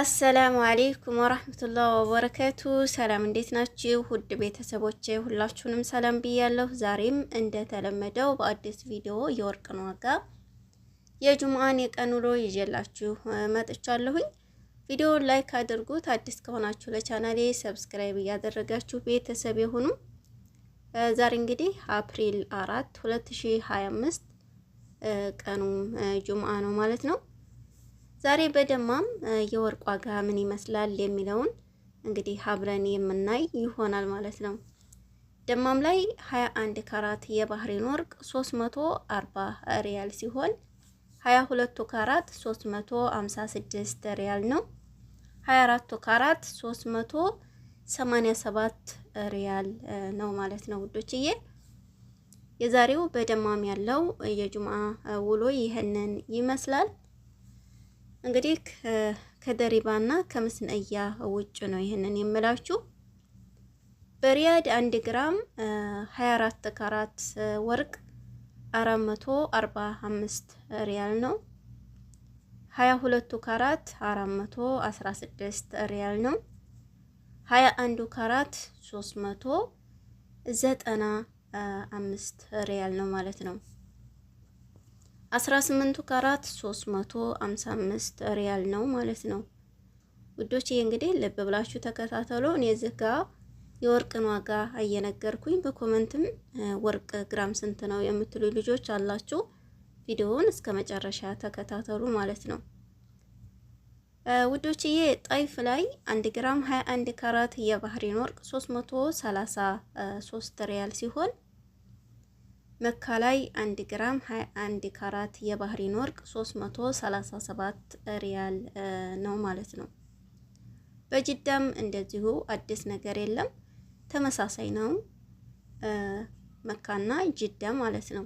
አሰላሙ አሌይኩም ወረህመቱላህ ወበረከቱ። ሰላም እንዴት ናችሁ? ውድ ቤተሰቦቼ ሁላችሁንም ሰላም ብያለሁ። ዛሬም እንደተለመደው በአዲስ ቪዲዮ የወርቅን ዋጋ የጁምአን የቀን ውሎ ይዤላችሁ መጥቻለሁኝ። ቪዲዮውን ላይክ አድርጉት። አዲስ ከሆናችሁ ለቻናሌ ሰብስክራይብ እያደረጋችሁ ቤተሰብ የሆኑ ዛሬ እንግዲህ አፕሪል አራት 2025 ቀኑ ጁምአ ነው ማለት ነው። ዛሬ በደማም የወርቅ ዋጋ ምን ይመስላል የሚለውን እንግዲህ አብረን የምናይ ይሆናል ማለት ነው። ደማም ላይ 21 ካራት የባህሬን ወርቅ 340 ሪያል ሲሆን 22 ካራት 356 ሪያል ነው። 24 ካራት 387 ሪያል ነው ማለት ነው ውዶችዬ። የዛሬው በደማም ያለው የጁምአ ውሎ ይህንን ይመስላል። እንግዲህ ከደሪባና ከምስንእያ ውጭ ነው ይህንን የምላችሁ። በሪያድ 1 ግራም 24 ካራት ወርቅ 445 ሪያል ነው። ካራት 416 ሪያል ነው። ካራት 395 ሪያል ነው ማለት ነው። 18 ካራት 355 ሪያል ነው ማለት ነው ውዶች። ይሄ እንግዲህ ልብ ብላችሁ ተከታተሉ። እኔ እዚህ ጋ የወርቅን ዋጋ እየነገርኩኝ በኮመንትም ወርቅ ግራም ስንት ነው የምትሉ ልጆች አላችሁ። ቪዲዮውን እስከ መጨረሻ ተከታተሉ ማለት ነው ውዶች። ይሄ ጣይፍ ላይ 1 ግራም 21 ካራት የባህሪን ወርቅ 333 ሪያል ሲሆን መካ ላይ 1 ግራም 21 ካራት የባህሪን ወርቅ 337 ሪያል ነው ማለት ነው። በጅዳም እንደዚሁ አዲስ ነገር የለም፣ ተመሳሳይ ነው። መካና ጅዳ ማለት ነው።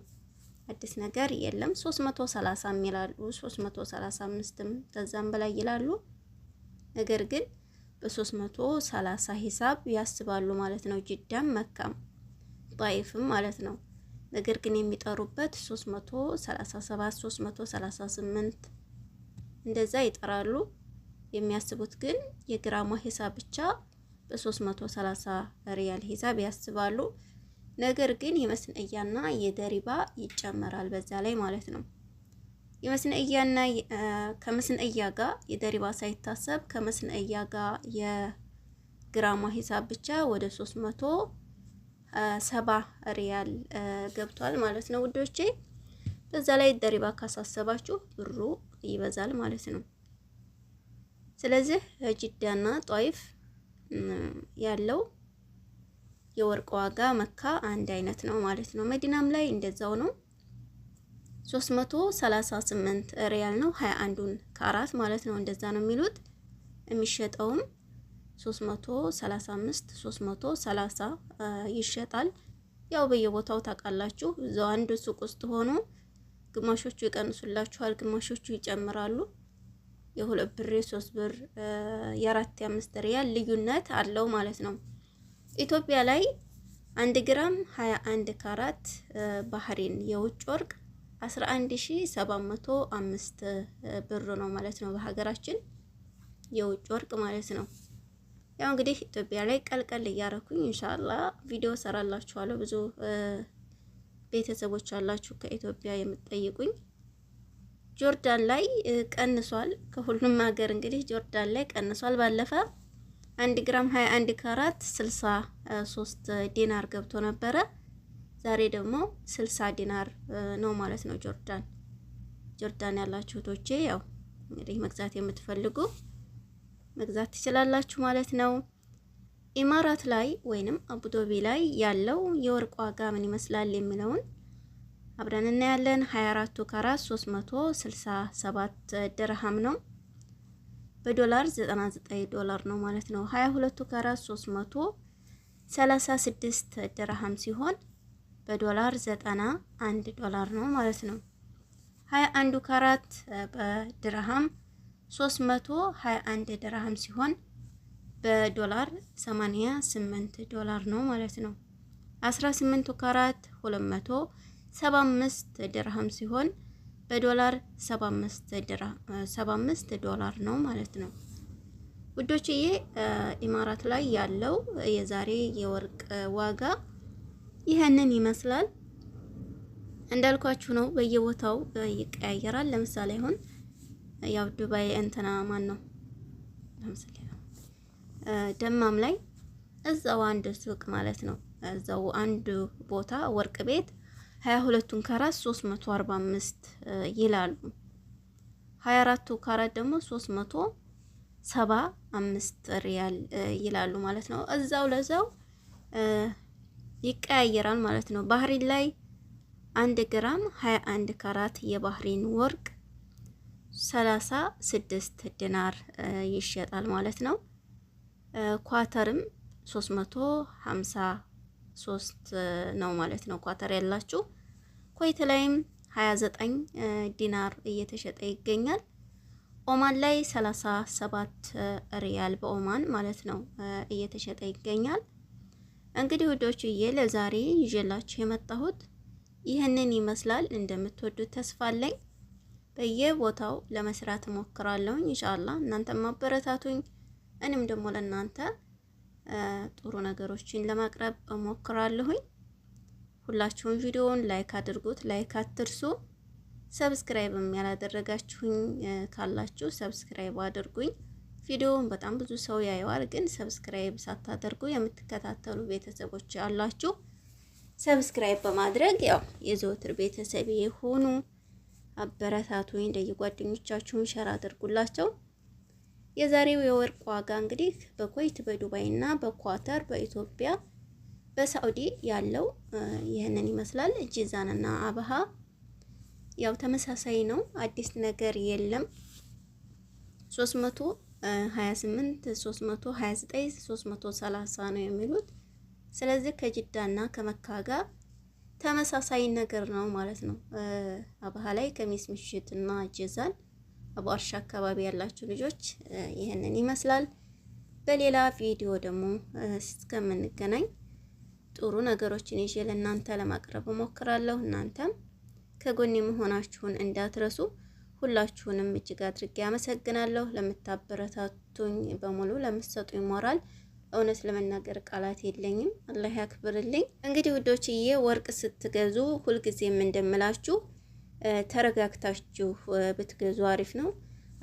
አዲስ ነገር የለም። 330 ይላሉ፣ 335ም ከዛም በላይ ይላሉ። ነገር ግን በ330 ሂሳብ ያስባሉ ማለት ነው። ጅዳም መካም ጣይፍም ማለት ነው። ነገር ግን የሚጠሩበት 337 338 እንደዛ ይጠራሉ። የሚያስቡት ግን የግራማ ሂሳብ ብቻ በ330 ሪያል ሂሳብ ያስባሉ። ነገር ግን የመስነእያና የደሪባ ይጨመራል በዛ ላይ ማለት ነው። የመስነእያና ከመስነእያ ጋር የደሪባ ሳይታሰብ ከመስነእያ ጋር የግራማ ሂሳብ ብቻ ወደ 300 ሰባ ሪያል ገብቷል ማለት ነው ውዶቼ። በዛ ላይ ደሪባ ካሳሰባችሁ ብሩ ይበዛል ማለት ነው። ስለዚህ ጅዳና ጧይፍ ያለው የወርቅ ዋጋ መካ አንድ አይነት ነው ማለት ነው። መዲናም ላይ እንደዛው ነው። 338 ሪያል ነው 21ን ከአራት ማለት ነው። እንደዛ ነው የሚሉት የሚሸጠውም 335 330 ይሸጣል። ያው በየቦታው ታውቃላችሁ። እዛው አንድ ሱቅ ውስጥ ሆኖ ግማሾቹ ይቀንሱላችኋል፣ ግማሾቹ ይጨምራሉ። የሁለት ብር የሶስት ብር የአራት የአምስት ሪያል ልዩነት አለው ማለት ነው። ኢትዮጵያ ላይ አንድ ግራም 21 ካራት ባህሬን የውጭ ወርቅ 11705 ብር ነው ማለት ነው። በሀገራችን የውጭ ወርቅ ማለት ነው። ያው እንግዲህ ኢትዮጵያ ላይ ቀልቀል እያረኩኝ ኢንሻአላ ቪዲዮ ሰራላችኋለሁ። ብዙ ቤተሰቦች አላችሁ ከኢትዮጵያ የምትጠይቁኝ። ጆርዳን ላይ ቀንሷል፣ ከሁሉም ሀገር እንግዲህ ጆርዳን ላይ ቀንሷል። ባለፈ 1 ግራም 21 ካራት 63 ዲናር ገብቶ ነበረ። ዛሬ ደግሞ 60 ዲናር ነው ማለት ነው። ጆርዳን ጆርዳን ያላችሁ ያው እንግዲህ መግዛት የምትፈልጉ መግዛት ትችላላችሁ ማለት ነው። ኢማራት ላይ ወይንም አቡዶቢ ላይ ያለው የወርቅ ዋጋ ምን ይመስላል የሚለውን አብረን እናያለን። 24 ካራት 367 ድርሃም ነው፣ በዶላር 99 ዶላር ነው ማለት ነው። 22 ካራት 336 ድርሃም ሲሆን በዶላር 91 ዶላር ነው ማለት ነው። 21 ካራት በድርሃም 321 ድርሃም ሲሆን በዶላር 88 ዶላር ነው ማለት ነው። 18 ካራት 275 ድርሃም ሲሆን በዶላር 75 ዶላር ነው ማለት ነው። ውዶችዬ ኢማራት ላይ ያለው የዛሬ የወርቅ ዋጋ ይህንን ይመስላል። እንዳልኳችሁ ነው፣ በየቦታው ይቀያየራል። ለምሳሌ አሁን ያው ዱባይ እንትና ማን ነው ለምሳሌ ደማም ላይ እዛው አንድ ሱቅ ማለት ነው እዛው አንድ ቦታ ወርቅ ቤት 22ቱን ካራት 345 ይላሉ። 24ቱ ካራት ደግሞ 375 ሪያል ይላሉ ማለት ነው። እዛው ለዛው ይቀያየራል ማለት ነው። ባህሪን ላይ 1 ግራም 21 ካራት የባህሪን ወርቅ ሰላሳ ስድስት ዲናር ይሸጣል ማለት ነው። ኳተርም ሶስት መቶ ሀምሳ ሶስት ነው ማለት ነው። ኳተር ያላችሁ ኮይት ላይም ሀያ ዘጠኝ ዲናር እየተሸጠ ይገኛል። ኦማን ላይ ሰላሳ ሰባት ሪያል በኦማን ማለት ነው እየተሸጠ ይገኛል። እንግዲህ ውዶችዬ ለዛሬ ይዤላችሁ የመጣሁት ይህንን ይመስላል። እንደምትወዱት ተስፋ አለኝ። በየቦታው ለመስራት እሞክራለሁኝ። ኢንሻአላህ እናንተም ማበረታቱኝ፣ እኔም ደግሞ ለእናንተ ጥሩ ነገሮችን ለማቅረብ እሞክራለሁኝ። ሁላችሁም ቪዲዮውን ላይክ አድርጉት፣ ላይክ አትርሱ። ሰብስክራይብም ያላደረጋችሁኝ ካላችሁ ሰብስክራይብ አድርጉኝ። ቪዲዮውን በጣም ብዙ ሰው ያየዋል፣ ግን ሰብስክራይብ ሳታደርጉ የምትከታተሉ ቤተሰቦች አላችሁ። ሰብስክራይብ በማድረግ ያው የዘወትር ቤተሰብ የሆኑ አበረታቱ ለየጓደኞቻችሁን ሸር አድርጉላቸው። የዛሬው የወርቅ ዋጋ እንግዲህ በኩዌት በዱባይ እና በኳተር በኢትዮጵያ በሳውዲ ያለው ይህንን ይመስላል። ጂዛን እና አብሃ ያው ተመሳሳይ ነው፣ አዲስ ነገር የለም። 328፣ 329፣ 330 ነው የሚሉት። ስለዚህ ከጅዳና ከመካ ጋር ተመሳሳይ ነገር ነው ማለት ነው። አብሃ ላይ ከሚስ ምሽት እና ጀዛን አቡ አርሻ አካባቢ ያላችሁ ልጆች ይህንን ይመስላል። በሌላ ቪዲዮ ደግሞ እስከምንገናኝ ጥሩ ነገሮችን ይዤ ለእናንተ ለማቅረብ እሞክራለሁ። እናንተም ከጎኔ መሆናችሁን እንዳትረሱ። ሁላችሁንም እጅግ አድርጌ አመሰግናለሁ። ለምታበረታቱኝ በሙሉ ለምትሰጡኝ ሞራል እውነት ለመናገር ቃላት የለኝም። አላህ ያክብርልኝ። እንግዲህ ውዶችዬ ወርቅ ስትገዙ ሁልጊዜም እንደምላችሁ ተረጋግታችሁ ብትገዙ አሪፍ ነው።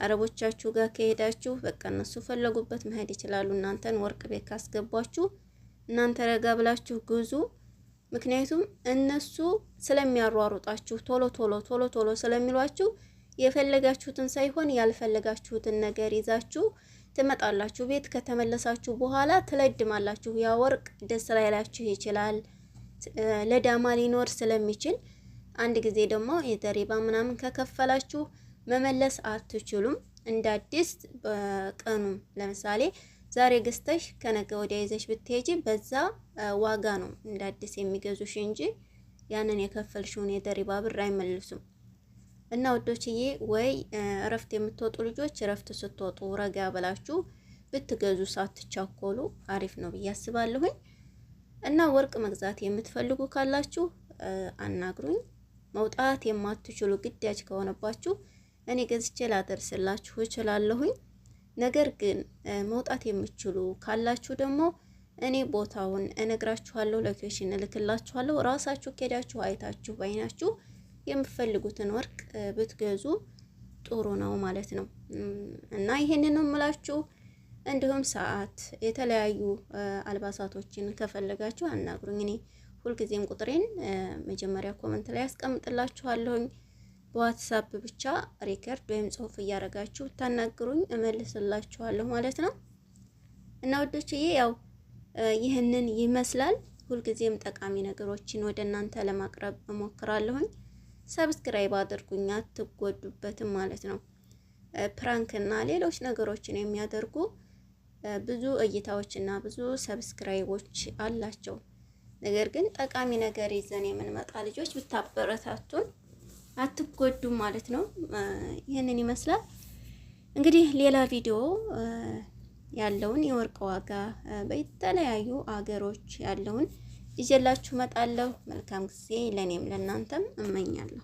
አረቦቻችሁ ጋር ከሄዳችሁ በቃ እነሱ ፈለጉበት መሄድ ይችላሉ። እናንተን ወርቅ ቤት ካስገቧችሁ እናንተ ረጋ ብላችሁ ግዙ። ምክንያቱም እነሱ ስለሚያሯሩጣችሁ ቶሎ ቶሎ ቶሎ ቶሎ ስለሚሏችሁ የፈለጋችሁትን ሳይሆን ያልፈለጋችሁትን ነገር ይዛችሁ ትመጣላችሁ። ቤት ከተመለሳችሁ በኋላ ትለድማላችሁ። ያ ወርቅ ደስ ላይላችሁ ይችላል፣ ለዳማ ሊኖር ስለሚችል አንድ ጊዜ ደግሞ የተሪባ ምናምን ከከፈላችሁ መመለስ አትችሉም። እንደ አዲስ በቀኑ ለምሳሌ ዛሬ ገዝተሽ ከነገ ወዲያ ይዘሽ ብትሄጂ በዛ ዋጋ ነው እንደ አዲስ የሚገዙሽ እንጂ ያንን የከፈልሽውን የተሪባ ብር አይመልሱም። እና ወዶችዬ ወይ እረፍት የምትወጡ ልጆች እረፍት ስትወጡ ረጋ ብላችሁ ብትገዙ ሳትቻኮሉ አሪፍ ነው ብዬ አስባለሁኝ። እና ወርቅ መግዛት የምትፈልጉ ካላችሁ አናግሩኝ። መውጣት የማትችሉ ግዳጅ ከሆነባችሁ እኔ ገዝቼ ላደርስላችሁ እችላለሁኝ። ነገር ግን መውጣት የምችሉ ካላችሁ ደግሞ እኔ ቦታውን እነግራችኋለሁ፣ ሎኬሽን እልክላችኋለሁ። ራሳችሁ ከሄዳችሁ አይታችሁ ባይናችሁ የምትፈልጉትን ወርቅ ብትገዙ ጥሩ ነው ማለት ነው። እና ይሄንን ምላችሁ እንዲሁም ሰዓት፣ የተለያዩ አልባሳቶችን ከፈለጋችሁ አናግሩኝ። እኔ ሁልጊዜም ቁጥሬን መጀመሪያ ኮመንት ላይ ያስቀምጥላችኋለሁኝ። በዋትሳፕ ብቻ ሪከርድ ወይም ጽሁፍ እያደረጋችሁ ብታናግሩኝ እመልስላችኋለሁ ማለት ነው። እና ወዶችዬ ያው ይህንን ይመስላል። ሁልጊዜም ጠቃሚ ነገሮችን ወደ እናንተ ለማቅረብ እሞክራለሁኝ። ሰብስክራይብ አድርጉኝ፣ አትጎዱበትም ማለት ነው። ፕራንክ እና ሌሎች ነገሮችን የሚያደርጉ ብዙ እይታዎች እና ብዙ ሰብስክራይቦች አላቸው። ነገር ግን ጠቃሚ ነገር ይዘን የምንመጣ ልጆች ብታበረታቱን አትጎዱም ማለት ነው። ይህንን ይመስላል እንግዲህ ሌላ ቪዲዮ ያለውን የወርቅ ዋጋ በተለያዩ አገሮች ያለውን ይዤላችሁ እመጣለሁ። መልካም ጊዜ ለእኔም ለእናንተም እመኛለሁ።